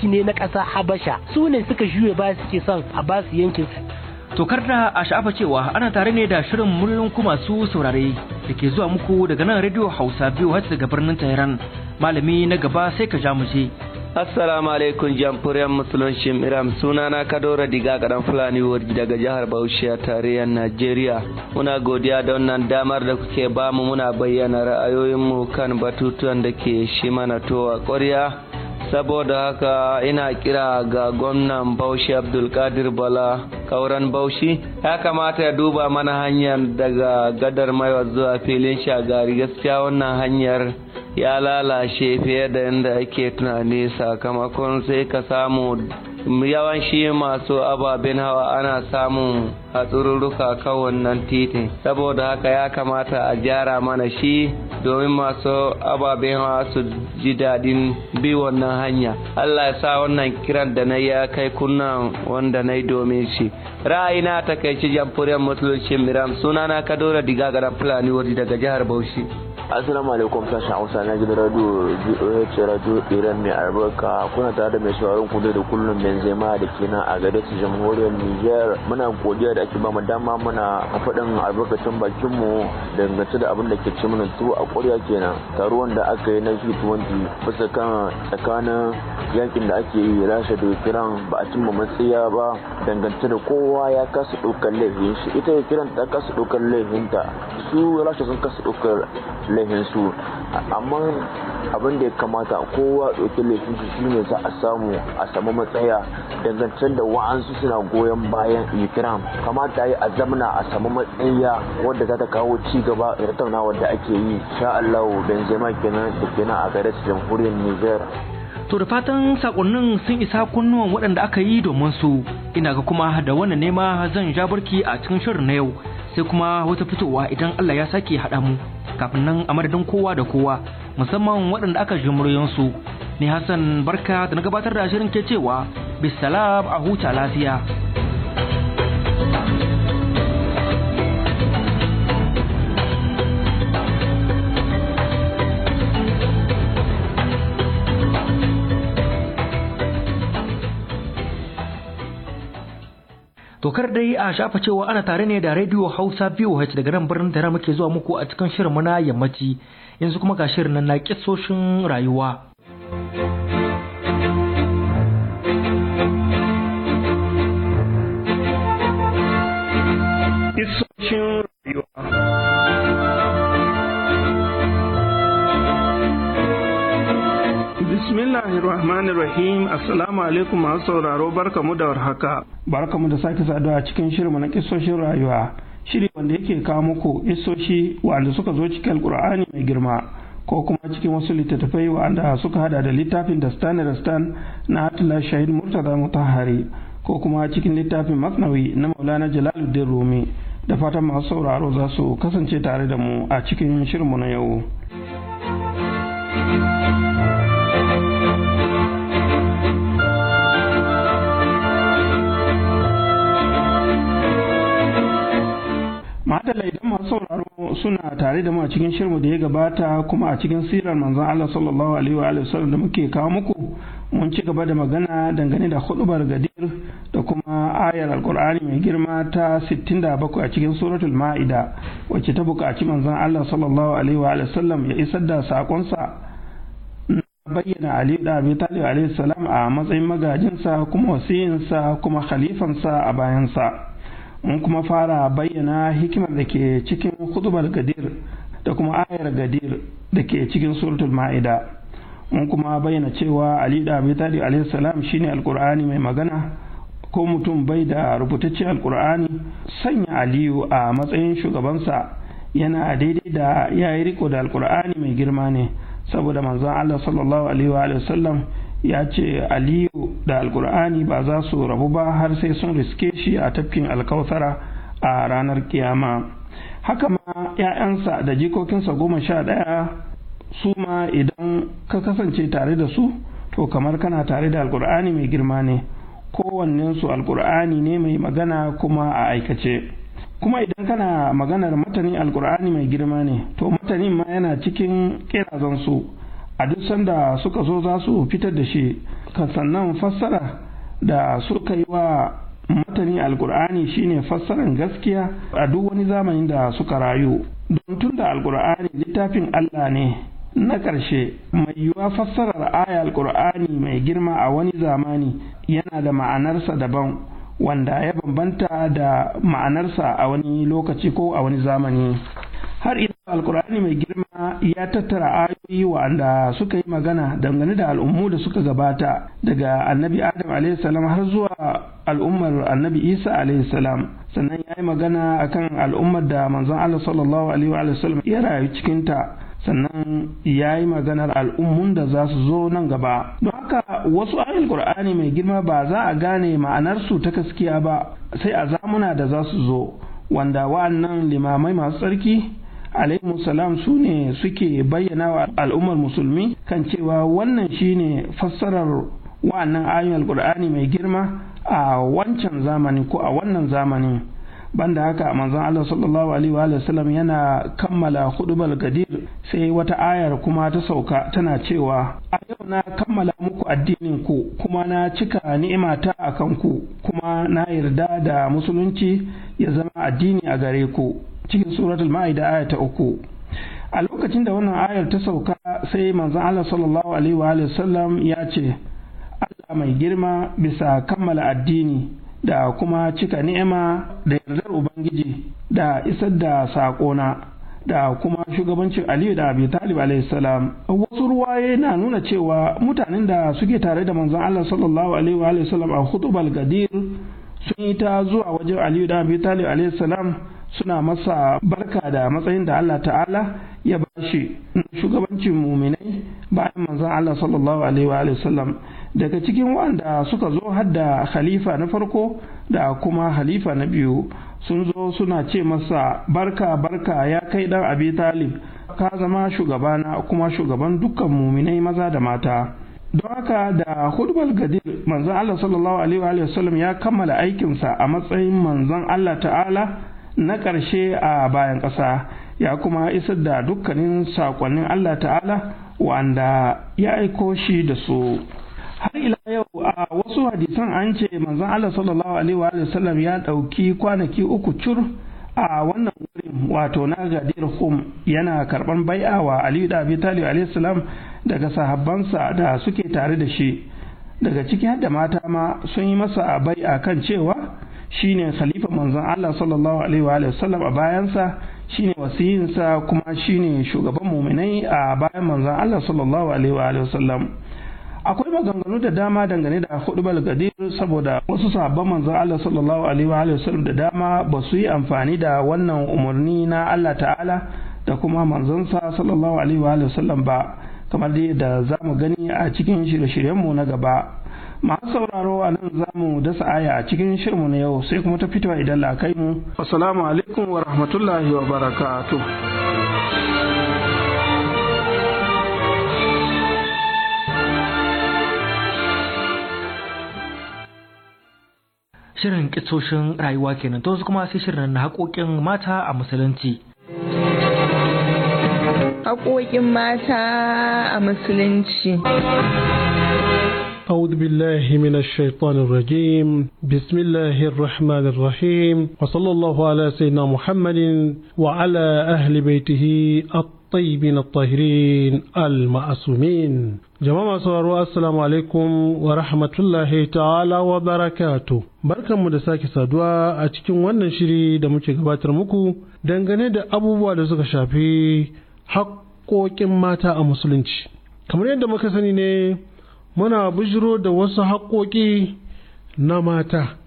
shi ne na ƙasa habasha su ne suka juye ba suke son a ba su yankin Tokar da a sha'afa cewa ana tare ne da shirin muryoyin kuma su saurare da ke zuwa muku daga nan Radio Hausa biyu har daga birnin Tehran. Malami na gaba sai ka ja mu je. assalamu alaikum jamhuriyar musulunci iram sunana kadora diga kadan fulani warji daga jihar bauchi a tarayyar najeriya muna godiya da wannan damar da kuke bamu muna bayyana ra'ayoyinmu kan batutuwan da ke shi mana towa ƙwarya saboda haka ina kira ga gwamnan bauchi abdulkadir bala kauran bauchi ya kamata ya duba mana hanyar daga gadar maiwa zuwa filin shagari gaskiya wannan hanyar ya lalace fiye da yadda ake tunani sakamakon sai ka samu yawanci masu ababen hawa ana samun hatsururruka kan wannan titin saboda haka ya kamata a gyara mana shi domin masu ababen hawa su ji daɗin bi wannan hanya allah ya sa wannan kiran da na ya kai kunna wanda na yi domin shi ra'ayina ta kai shi jamfuriyar musulunci miram sunana kadora diga ga fulani wuri daga jihar bauchi Assalamu alaikum sashen Hausa na gidan radio GOH radio Iran mai albarka kuna tare da mai sauraron kudai da kullum mai dandalin jema da ke nan a gare su jamhuriyar niger muna godiya da ake bamu dama muna faɗin albarkacin bakinmu dangance da abin da ke ci mana tuwo a ƙwarya kenan taruwan da aka yi na g20 bisa kan tsakanin yankin da ake yi rasha da kiran ba a cimma matsaya ba dangance da kowa ya kasa ɗaukar laifin shi ita ukraine ta kasa ɗaukar ta su rasha sun kasa ɗaukar su amma abin da ya kamata kowa ɗauki laifin shi shine za a samu a samu matsaya dangantar da wa'ansu suna goyon bayan ukraine kamata yi a a samu matsayiya wadda za ta kawo ci gaba da tattaunawar da ake yi sha allahu benzema kenan da kenan a garin jamhuriyar niger To da fatan sakonnin sun isa kunnuwan waɗanda aka yi domin su, ina ga kuma da wannan nema zan ja barki a cikin shirin na yau sai kuma wata fitowa idan Allah ya sake haɗa mu kafin nan a madadin kowa da kowa musamman waɗanda aka muryansu ne Hassan barka da na gabatar da shirin ke cewa bisalam a huta lafiya. Tokar dai a shafa cewa ana tare ne da Radio Hausa VOH daga nan birnin Tehran muke zuwa muku a cikin shirin na yammaci yanzu kuma ga shirin nan na kissoshin rayuwa. rahmanir rahim assalamu alaikum masu sauraro barka mu da warhaka barkamu da sake saduwa cikin shirinmu na kisoshin rayuwa shiri wanda yake kawo muku isoshi wanda suka zo cikin alkur'ani mai girma ko kuma cikin wasu littattafai wanda suka hada da littafin da stan stan na atila shahid murtaza mutahari ko kuma cikin littafin masnawi na maulana jalaluddin rumi da fatan masu sauraro za su kasance tare da mu a cikin shirinmu na yau. madalla idan masu sauraro suna tare da mu a cikin shirmu da ya gabata kuma a cikin sirar manzon Allah sallallahu alaihi wa alihi wasallam da muke kawo muku mun ci gaba da magana dangane da hudubar gadir da kuma ayar alkur'ani mai girma ta 67 a cikin suratul ma'ida wacce ta buƙaci manzon Allah sallallahu alaihi wa alihi wasallam ya isar da sakonsa na bayyana Ali da Abi Talib alaihi salam a matsayin magajinsa kuma wasiyinsa kuma khalifansa a bayansa. mun kuma fara bayyana hikimar da ke cikin hudubar gadir da kuma ayar gadir da ke cikin suratul ma'ida mun kuma bayyana cewa ali da abi talib alaihi salam shine alqur'ani mai magana ko mutum bai da rubutacci al'kur'ani. sanya aliyu a matsayin shugabansa yana daidai da yayi riko da alqur'ani mai girma ne saboda manzon Allah sallallahu alaihi wa sallam ya ce aliyu da alkur'ani ba za su rabu ba har sai sun riske shi a tafkin alkausara a ranar kiyama haka ma 'ya'yansa da jikokinsa goma sha ɗaya su ma idan ka kasance tare da su to kamar kana tare da alkur'ani mai girma ne kowannensu alkur'ani ne mai magana kuma a aikace kuma idan kana maganar matanin alkur'ani mai girma ne to matanin ma yana cikin kirazansu su a duk sanda suka zo za su fitar da shi kan sannan fassara da suka yi wa matanin alkur'ani shine fassaran gaskiya a duk wani zamani da suka rayu don tun da alkur'ani littafin allah ne na ƙarshe mai yiwuwa fassarar aya alkur'ani mai girma a wani zamani yana da ma'anarsa daban wanda ya bambanta da ma'anarsa a wani lokaci ko a wani zamani har ila alkur'ani mai girma ya tattara ayoyi wa'anda suka yi magana dangane da al'ummu da suka gabata daga annabi adam salam har zuwa al'ummar annabi isa salam sannan ya yi magana akan al'ummar da manzon allah sallallahu alaihi wa ya rayu cikinta sannan ya yi maganar al'ummun da za su zo nan gaba don haka wasu ayoyin qur'ani mai girma ba za a gane ma'anarsu ta gaskiya ba sai a zamuna da za su zo wanda wa'annan limamai masu tsarki alaihimu salam su ne suke bayyana wa al'ummar musulmi kan cewa wannan shine fassarar wannan ayoyin alkur'ani mai girma a wancan zamani ko a wannan zamani banda haka manzon Allah sallallahu alaihi wa sallam yana kammala Hudu gadir sai wata ayar kuma ta sauka tana cewa a yau na kammala muku addinin ku kuma na cika ni'imata akan ku kuma na yarda da musulunci ya zama addini a gare ku cikin suratul ma'ida aya ta uku a lokacin da wannan ayar ta sauka sai manzo Allah sallallahu alaihi wa sallam ya ce Allah mai girma bisa kammala addini da kuma cika ni'ima da yardar ubangiji da isar da sakona da kuma shugabancin aliyu da abi talib salam wasu ruwaye na nuna cewa mutanen da suke tare da manzon Allah sallallahu alaihi wa sallam a gadir sun yi ta zuwa wajen aliyu da abi talib salam suna masa barka da matsayin da Allah ta'ala ya ba shi shugabancin muminai bayan manzan Allah sallallahu alaihi wa sallam daga cikin wanda suka zo hadda khalifa na farko da kuma halifa na biyu sun zo suna ce masa barka barka ya kai dan abi talib ka zama shugabana kuma shugaban dukkan muminai maza da mata don haka da hudbal gadir manzan Allah sallallahu alaihi wa sallam ya kammala aikinsa a matsayin manzan Allah ta'ala na ƙarshe a bayan ƙasa ya kuma isar da dukkanin saƙonnin Allah ta'ala wanda ya aiko shi da su har ila yau a wasu hadisan an ce manzon Allah sallallahu alaihi wa sallam ya ɗauki kwanaki uku cur a wannan wurin wato na gadir hum yana karɓar bai'a wa aliyu da abi talib alaihi salam daga sahabbansa da suke tare da shi daga ciki har da mata ma sun yi masa bai'a kan cewa shine khalifa manzon Allah sallallahu alaihi wa sallam a bayansa shine wasiyinsa kuma shine shugaban muminai a bayan manzon Allah sallallahu alaihi wa sallam akwai maganganu da dama dangane da hudubal gadir saboda wasu sahabban manzon Allah sallallahu alaihi wa sallam da dama ba su yi amfani da wannan umarni na Allah ta'ala da kuma manzonsa sallallahu alaihi wa sallam ba kamar dai da za mu gani a cikin shirye-shiryenmu na gaba masu sauraro a nan za mu dasa aya a cikin shirmu na yau sai kuma ta fitowa idan la kai mu assalamu alaikum wa rahmatullahi wa shirin kitsoshin rayuwa kenan to kuma sai shirin na haƙoƙin mata a musulunci haƙoƙin mata a musulunci أعوذ بالله من الشيطان الرجيم بسم الله الرحمن الرحيم وصلى الله على سيدنا محمد وعلى أهل بيته الطيبين الطاهرين المعصومين jama'a sauraro assalamu alaikum wa rahmatullahi ta'ala wa barkan mu da sake saduwa a cikin wannan shiri da muke gabatar muku dangane da abubuwa da suka shafi haƙƙoƙin mata a musulunci kamar yadda muka sani ne muna bujiro da wasu haƙoƙi na mata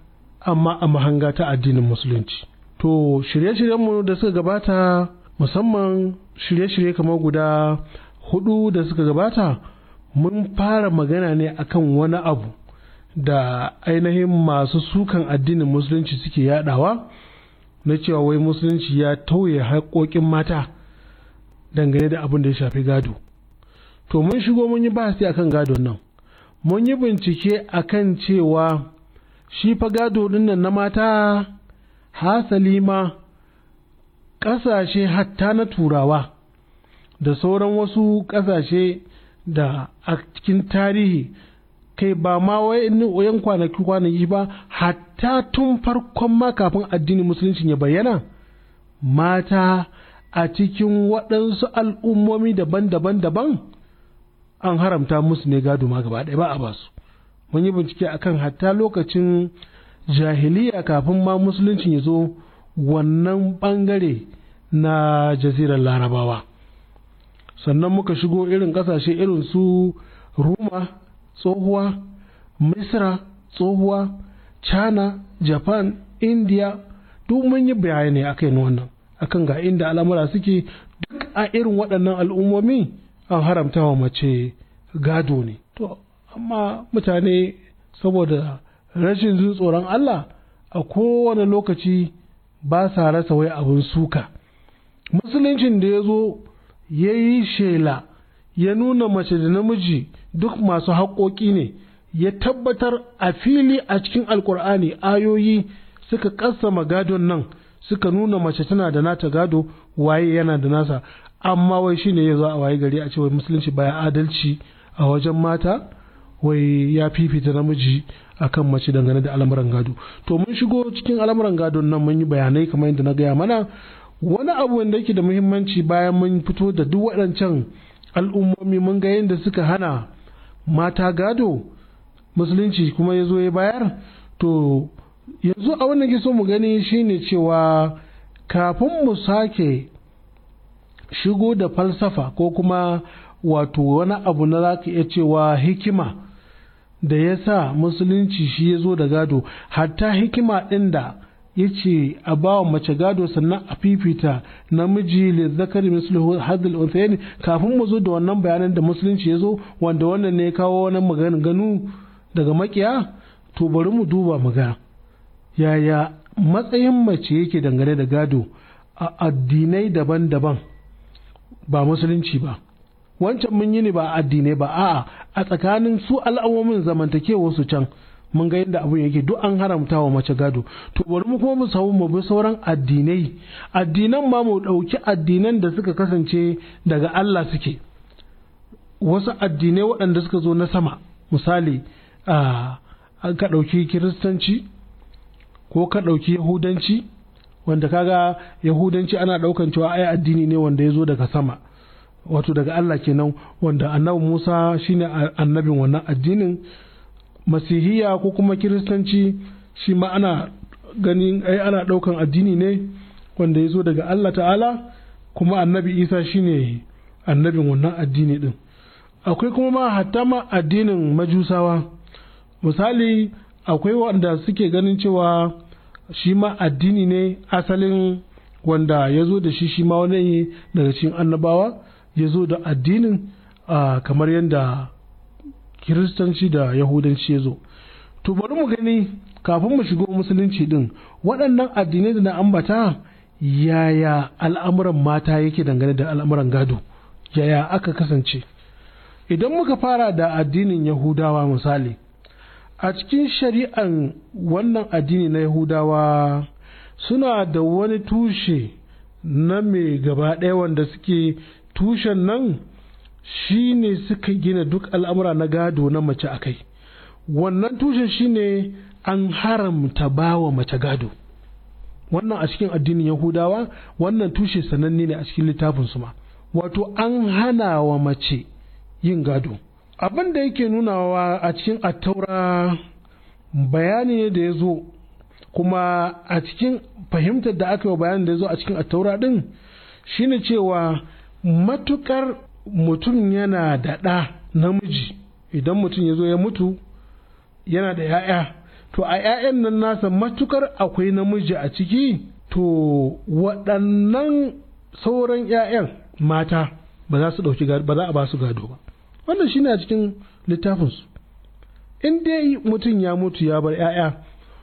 amma a mahanga ta addinin musulunci to shirye-shiryenmu da suka gabata musamman shirye-shirye kamar guda hudu da suka gabata mun fara magana ne akan wani abu da ainihin masu sukan addinin musulunci suke yadawa na cewa wai musulunci ya tauye haƙoƙin mata dangane da abin da ya shafi gado to mun shigo mun yi bahasi akan gadon nan mun yi bincike a kan cewa shi fa gado nan na mata hasali ma ƙasashe hatta na turawa da sauran wasu ƙasashe da a cikin tarihi kai ba ma wayan kwanaki kwanaki ba hatta tun farkon ma kafin addinin musulunci ya bayyana mata a cikin waɗansu al'ummomi daban-daban daban an haramta musu ne gado ma gaba ɗaya ba a basu mun yi bincike akan hatta lokacin jahiliya kafin ma musulunci ya zo wannan bangare na jazirar larabawa sannan muka shigo irin kasashe irin su roma tsohuwa misra tsohuwa china japan india duk mun yi bayanai akan wannan akan ga inda al'amura suke duk a irin waɗannan al'ummomi an haramta wa mace gado ne to amma mutane saboda rashin jin tsoron Allah a kowane lokaci ba sa rasa wai abin suka musuluncin da ya zo ya yi shela ya nuna mace da namiji duk masu haƙoƙi ne ya tabbatar a fili a cikin alkur'ani ayoyi suka ƙasa gadon nan suka nuna mace tana da nata gado waye yana da nasa amma wai shine ya zo a waye gari a ce wai musulunci baya adalci a wajen mata wai ya fifita namiji akan mace dangane da al'amuran gado to mun shigo cikin al'amuran gado nan mun yi bayanai kamar yadda na gaya mana wani abu wanda yake da muhimmanci bayan mun fito da duk waɗancan al'ummomi mun ga yadda suka hana mata gado musulunci kuma ya zo ya bayar to yanzu a wannan so mu gani shine cewa kafin mu sake shigo da falsafa ko kuma wato wani abu na za ka iya cewa hikima da ya sa musulunci shi ya zo da gado hatta hikima ɗin da ya ce a bawa mace gado sannan a fifita namiji le zakari mislu hadil kafin mu zo da wannan bayanan da musulunci ya zo wanda wannan ne ya kawo wani ganu daga makiya to bari mu duba mu yaya matsayin mace yake dangane da gado a addinai daban-daban ba musulunci ba wancan mun yi ne ba addinai ba a'a a tsakanin su al'awomin zamantakewa su can mun ga yadda abun yake duk an haramta wa mace gado to bari mu kuma mu samu mu bi sauran addinai addinan ma mu dauki addinan da suka kasance daga Allah suke wasu addinai waɗanda suka zo na sama misali ah, ka ɗauki kiristanci ko ka ɗauki yahudanci wanda kaga yahudanci ana daukan cewa ai addini ne wanda ya zo daga sama wato daga Allah kenan wanda annabi Musa shine annabin wannan addinin masihiya ko kuma kiristanci shi ma ana ganin ai ana daukan addini ne wanda ya zo daga Allah ta'ala kuma annabi Isa shine annabin wannan addini din akwai kuma ma hatta ma addinin majusawa misali akwai wanda suke ganin cewa shi ma addini ne asalin wanda ya zo da shi shi ma wani ne daga cikin annabawa ya zo da addinin kamar yadda kiristanci da yahudanci ya zo to bari mu gani kafin mu shigo musulunci din waɗannan addinai da na ambata yaya al'amuran mata yake dangane da al'amuran gado yaya aka kasance idan muka fara da addinin yahudawa misali a cikin shari'an wannan addini na yahudawa suna da wani tushe na mai gaba ɗaya wanda suke tushen nan shi ne suka gina duk al'amura na gado na mace a kai wannan tushen shi ne an haramta bawa mace gado wannan a cikin addinin yahudawa wannan tushe sananne ne a cikin littafin su ma wato an hana wa mace yin gado abin da yake nunawa a cikin attaura bayani ne da ya zo kuma a cikin fahimtar da aka yi bayani da ya zo a cikin attaura din shine cewa matukar mutum yana da ɗa namiji idan mutum ya zo ya mutu yana da 'ya'ya to a 'ya'yan nan nasa matukar akwai namiji a ciki to waɗannan sauran 'ya'yan mata ba za su ɗauki ba za a ba su gado ba wannan shine a cikin littafin su in dai mutum ya mutu ya bar 'ya'ya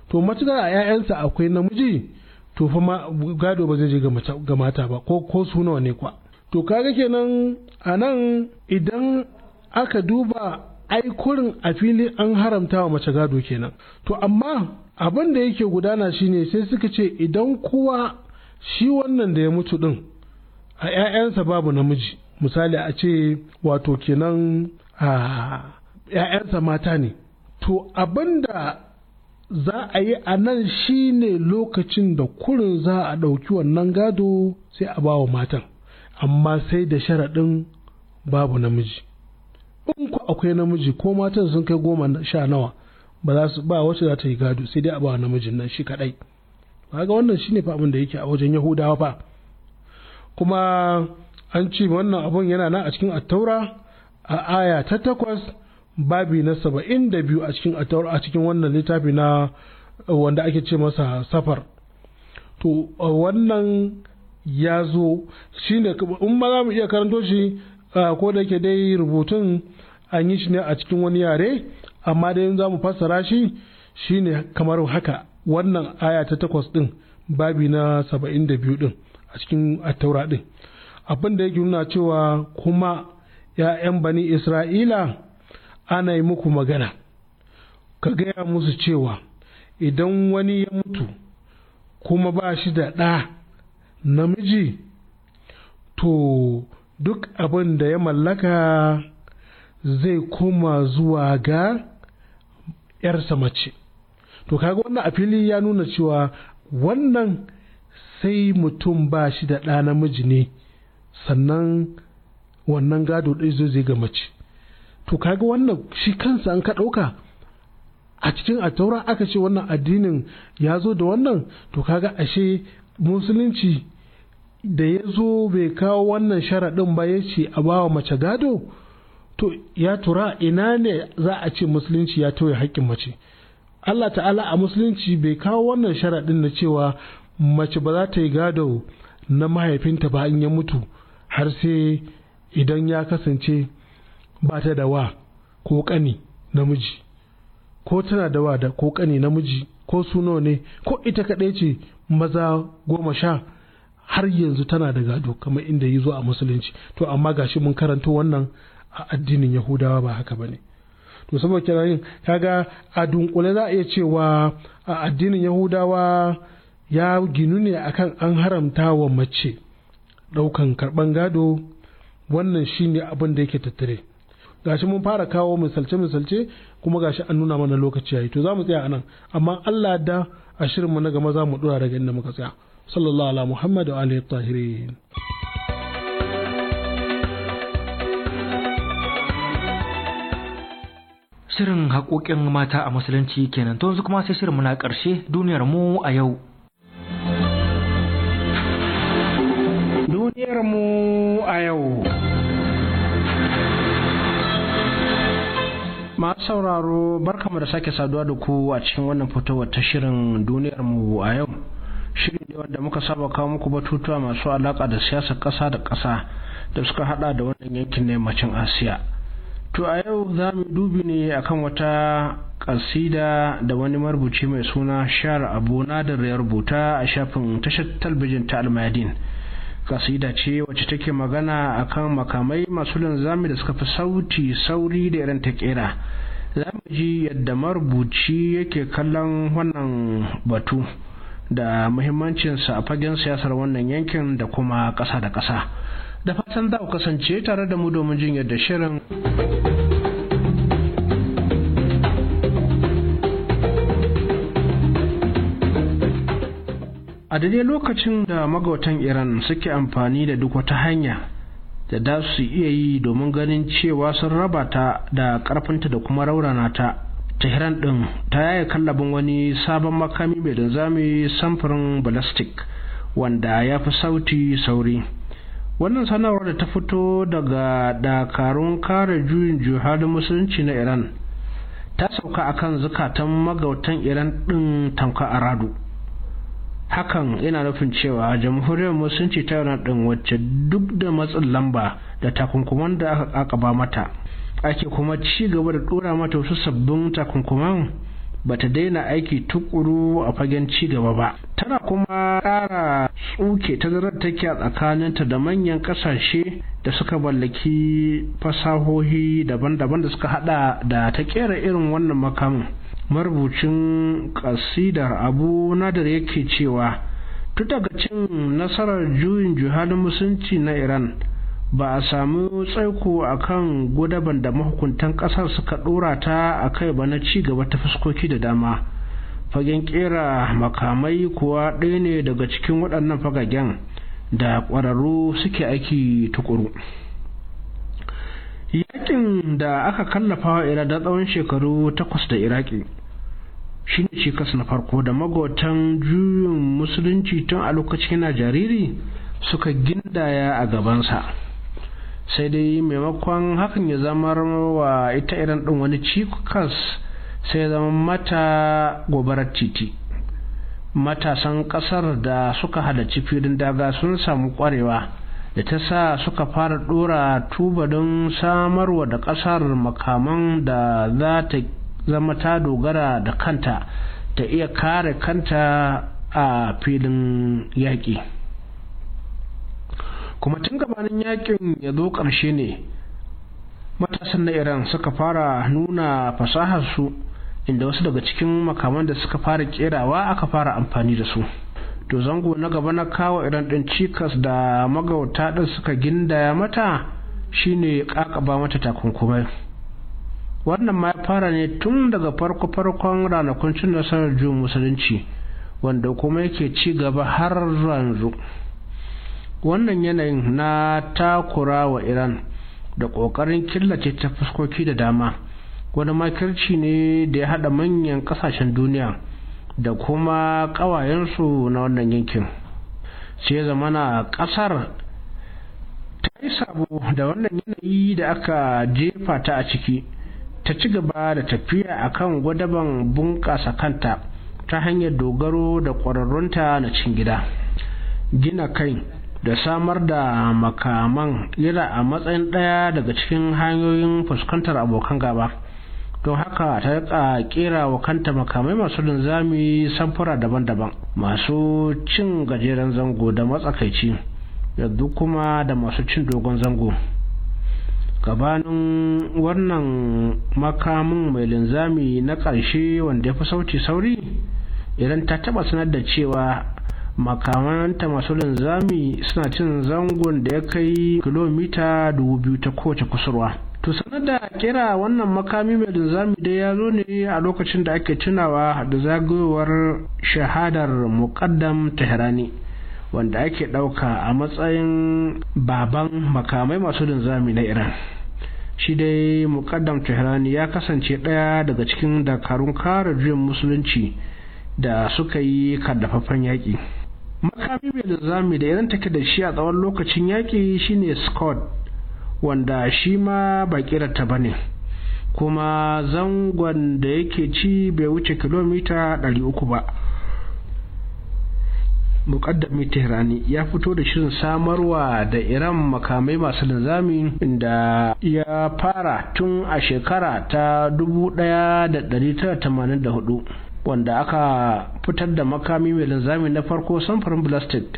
to matukar a 'ya'yansa akwai namiji to fa ma gado ba zai je ga mata ba ko sunawa ne kwa to kaga kenan a nan idan aka duba aikurin a fili an haramta wa mace gado kenan to amma abin da yake gudana shine sai suka ce idan kuwa shi wannan da ya mutu din a 'ya'yansa babu namiji misali a ce wato kenan ‘ya'yansa mata ne to abinda za a yi a nan shi ne lokacin da kurin za a ɗauki wannan gado sai a bawa matan amma sai da sharaɗin babu namiji in ku akwai namiji ko matan sun kai goma sha nawa ba za su ba wacce za ta yi gado sai dai a bawa namijin nan shi kaɗai ga wannan shine fa abin da yake a wajen yahudawa fa kuma an ce wannan abun yana nan a cikin attaura a aya ta takwas babi na saba'in da biyu a cikin attaura a cikin wannan littafi na uh, wanda ake ce masa safar to uh, wannan ya zo shi ne in ba za mu iya karanto shi uh, ko da ke dai rubutun an yi shi ne a cikin wani yare amma dai za mu fassara shi shi ne kamar haka wannan aya ta takwas din babi na saba'in da biyu din a cikin attaura din abin da yake nuna cewa kuma ‘ya'yan bani Isra'ila ana yi muku magana, ka gaya musu cewa idan wani ya mutu kuma ba shi da ɗa namiji, to duk abin da ya mallaka zai koma zuwa ga ‘yarsa mace. To, kaga wannan a fili ya nuna cewa wannan sai mutum ba shi da ɗa namiji ne. sannan wannan gado ɗin zai zai ga mace to kaga wannan shi kansa an ka ɗauka a cikin a aka ce wannan addinin ya zo da wannan to kaga ashe musulunci da ya zo bai kawo wannan sharaɗin ba ya ce a bawa mace gado to ya tura ina ne za a ce musulunci ya tauye haƙƙin mace Allah ta'ala a musulunci bai kawo wannan sharaɗin na cewa mace ba za ta yi gado na mahaifinta ba in ya mutu har sai idan ya kasance ba ta da wa ko kani namiji ko tana da wa da ko kani namiji ko suno ne ko ita kaɗai ce maza goma sha har yanzu tana da gado kamar inda yi zo a musulunci to amma gashi mun karanta wannan a addinin yahudawa ba haka ba ne to saboda kirayin kaga a dunkule za a iya cewa a addinin yahudawa ya ginu ne akan an haramta wa mace ɗaukan karɓan gado wannan shine abin da yake tattare gashi mun fara kawo misalce misalce kuma gashi an nuna mana lokaci yayi to za mu tsaya anan amma Allah da a mu na gama za mu dora daga inda muka tsaya sallallahu ala muhammad wa alihi tahirin Shirin haƙoƙin mata a musulunci kenan to yanzu kuma sai shirin muna ƙarshe duniyar mu a yau. mu a yau. Masu sauraro barkamu da sake saduwa da ku a cikin wannan fitowar ta shirin duniyarmu a yau. Shirin ne wanda muka saba kawo muku batutuwa masu alaƙa da siyasar ƙasa da ƙasa da suka haɗa da wannan yankin na yammacin Asiya. To a yau za mu dubi ne akan wata ƙasida da wani marubuci mai suna Shar Abu Nadir ya rubuta a shafin tashar talbijin ta Almadin. kasida ce wacce take magana akan makamai masu linzami da suka fi sauti sauri da irin ta kera za mu ji yadda marubuci yake kallon wannan batu da muhimmancinsa a fagen siyasar wannan yankin da kuma kasa da kasa da fatan za ku kasance tare da mu domin jin yadda shirin a daidai lokacin da magautan iran suke amfani da duk wata hanya da da su iya yi domin ganin cewa sun raba ta da karfinta da kuma raurana ta tehran din ta yaya kallabin wani sabon makami mai yi samfurin balastik wanda ya fi sauti sauri wannan sanarwar da ta fito daga dakarun kare juyin juhalin musulunci na iran ta sauka akan zukatan magautan iran din tamka aradu hakan yana nufin cewa jamhuriyar musulunci ta yana ɗin wacce duk da matsin lamba da takunkuman da aka ƙaƙaba mata ake kuma ci gaba da ɗora mata wasu sabbin takunkuman ba ta daina aiki tukuru a fagen ci gaba ba tana kuma ƙara tsuke tazarar take a tsakaninta da manyan ƙasashe da suka mallaki fasahohi daban-daban da suka hada da ta kera irin wannan makamin marubucin ƙasidar abu nadar yake cewa tun daga cin nasarar juyin juhalin musulunci na iran ba a samu tsaiko a kan gudaban da mahukuntan ƙasar suka ɗora ta a kai ba na ci gaba ta fuskoki da dama fagen ƙera makamai kuwa ɗaya ne daga cikin waɗannan fagagen da ƙwararru suke aiki tukuru. yakin da aka kallafa wa iran da tsawon shekaru takwas da iraki shine cikas na farko da magotan juyin musulunci tun a lokacin yana jariri suka gindaya a gabansa sai dai maimakon hakan ya zama wa ita iran din wani cikas sai ya zama mata gobarar titi matasan kasar da suka halarci filin daga sun samu kwarewa da ta sa suka fara dora tubalin samarwa da ƙasar makaman da za ta zama ta dogara da kanta ta iya kare kanta a filin yaƙi kuma tun gabanin yaƙin ya zo ƙarshe ne matasan na iran suka fara nuna fasaharsu inda wasu daga cikin makaman da suka fara kerawa aka fara amfani da su to zango na gaba na kawo iran ɗin cikas da magauta ɗin suka gindaya mata shine ƙaƙaba mata takunkumai wannan ma ya fara ne tun daga farko farkon ranakun cin nasarar juyin musulunci wanda kuma yake ci gaba har yanzu wannan yanayin na takura wa iran da ƙoƙarin killace ta fuskoki da dama wani makirci ne da ya haɗa manyan ƙasashen duniya da kuma ƙawayensu na wannan yankin sai zamana ƙasar ta yi sabo da wannan yanayi da aka jefa ta a ciki ta ci gaba da tafiya a kan gwadaban bunƙasa kanta ta hanyar dogaro da ƙwararrunta na cin gida gina kai da samar da makaman yana a matsayin ɗaya daga cikin hanyoyin fuskantar abokan gaba don haka ta rika kera wa kanta makamai masu linzami samfura daban-daban masu cin gajeren zango da matsakaici yanzu kuma da masu cin dogon zango gabanin wannan makamin mai linzami na ƙarshe wanda ya fi sauti sauri idan ta taba sanar da cewa makamanta masu linzami suna cin zangon da ya kai kilomita 2000 ta kowace kusurwa To sanar da kera wannan makami mai linzami dai ya zo ne a lokacin da ake tunawa da zagayowar shahadar muqaddam Tehrani wanda ake ɗauka a matsayin baban makamai masu linzami na Iran. Shi dai muqaddam Tehrani ya kasance ɗaya daga cikin dakarun kare juyin musulunci da suka yi kallafaffen yaƙi. Makami mai linzami da Iran take da shi a tsawon lokacin yaƙi shine Scott wanda shi ma ba kirata ba ne kuma zangon da yake ci bai wuce kilomita 300 ba mukaddami tehrani ya fito da shirin samarwa da iran makamai masu linzami inda ya fara tun a shekara ta 1984 wanda aka fitar da makami mai linzami na farko samfurin blasted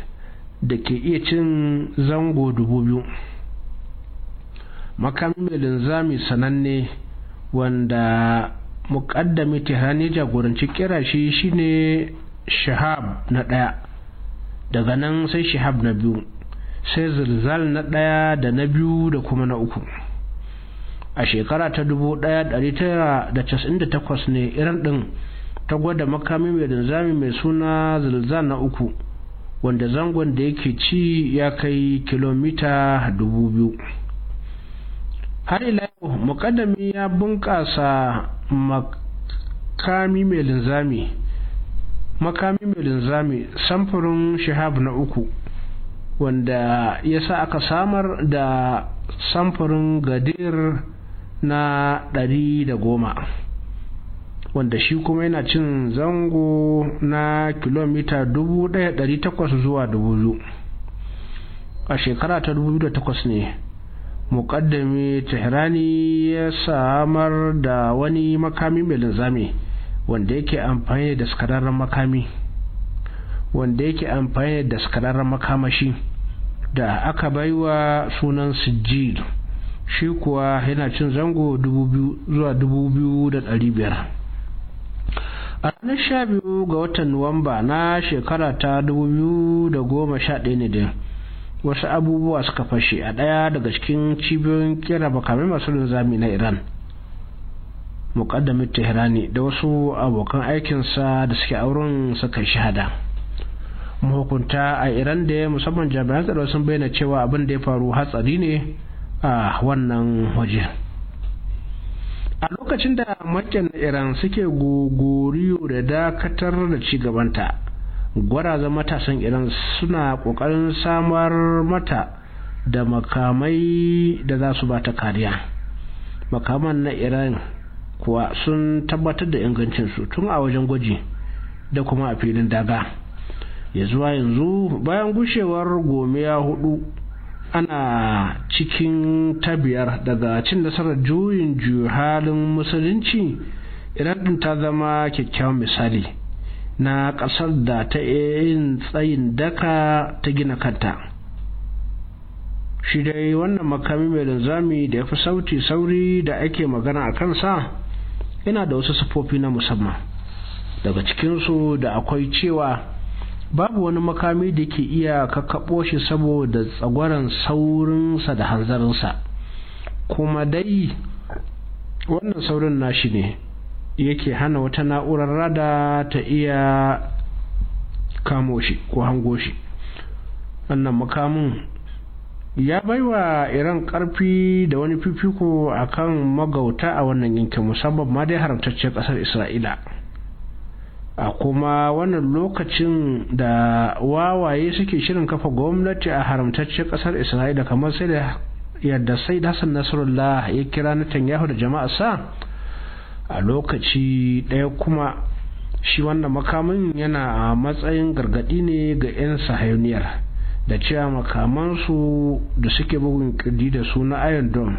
da ke iya cin zango dubu biyu makami mai linzami sananne wanda mukaddami tehran ya jagoranci kira shi shine shahab na ɗaya daga nan sai shahab na biyu sai zilzal na ɗaya da na biyu da kuma na uku a shekara ta 1998 ne irin ɗin ta gwada makami mai linzami mai suna zilzal na uku wanda zangon da yake ci ya kai kilomita dubu har ila yau mukaddami ya bunƙasa makami mai linzami makami mai linzami samfurin shahab na uku wanda ya sa aka samar da samfurin gadir na ɗari goma wanda shi kuma yana cin zango na kilomita 1,800 zuwa 2,000 a shekara ta 2008 ne muƙaddami tehrani ya samar da wani makami mai linzami wanda yake amfani da sakararren makami wanda yake amfani da sakararren makamashi da aka baiwa sunan sijil shi kuwa yana cin zango 2000 zuwa 2500 a ranar 12 ga watan nuwamba na shekara ta 2011 ne da wasu abubuwa suka fashe a ɗaya daga cikin cibiyoyin kera makamai masu linzami na iran mukaddamin tehrani da wasu abokan aikinsa da suke auren suka shahada mahukunta a iran da ya musamman jami'an tsaro sun bayyana cewa abin da ya faru hatsari ne a wannan waje a lokacin da makin iran suke gogoriyo da dakatar da cigabanta gwarazan matasan iran suna kokarin samar mata da makamai da za su ba ta kariya makaman na iran kuwa sun tabbatar da ingancinsu tun a wajen gwaji da kuma a filin daga ya zuwa yanzu bayan gushewar gomiya hudu ana cikin tabiyar daga cin nasarar juyin halin musulunci iran ta zama kyakkyawan misali na ƙasar da ta yin tsayin daka ta gina kanta shi dai wannan makami mai linzami da ya fi sauti sauri da ake magana a kansa yana da wasu sufofi na musamman daga cikinsu da akwai cewa babu wani makami da ke iya kakkaɓo shi saboda tsagwaron saurinsa da hanzarinsa kuma dai wannan saurin nashi ne yake hana wata na'urar rada ta iya kamo ko hango shi wannan makamin ya baiwa iran karfi da wani fifiko akan magauta a wannan yankin musamman ma dai haramtacciyar kasar isra'ila a kuma wannan lokacin da wawaye suke shirin kafa gwamnati a haramtacciyar kasar isra'ila kamar sai da yadda sai da hassan nasarullah ya kira netanyahu da jama'a sa a lokaci ɗaya kuma shi wannan makamin yana a matsayin gargaɗi ne ga 'yan sahayuniyar da cewa makamansu da suke bugun ƙirji da su na iron dome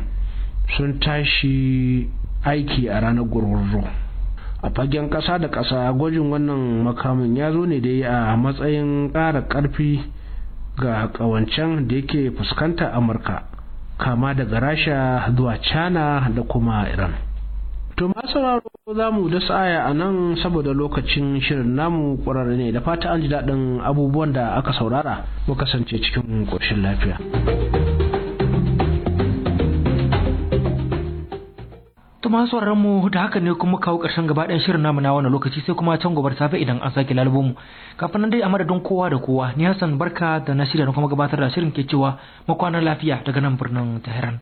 sun tashi aiki a ranar gwarwarro a fagen ƙasa da ƙasa gwajin wannan makamin ya zo ne dai a matsayin ƙara ƙarfi ga ƙawancen da yake fuskanta amurka kama daga rasha zuwa china da kuma iran To sauraro za mu dasa aya a nan saboda lokacin shirin namu ƙwararre ne da fata an ji daɗin abubuwan da aka saurara mu kasance cikin ƙoshin lafiya. Tuma mu da haka ne kuma kawo ƙarshen gaba shirin namu na wannan lokaci sai kuma can gobar safe idan an sake lalubo mu. Kafin nan dai a madadin kowa da kowa ni Hassan barka da na shirya na kuma gabatar da shirin ke cewa makwanan lafiya daga nan birnin Tehran.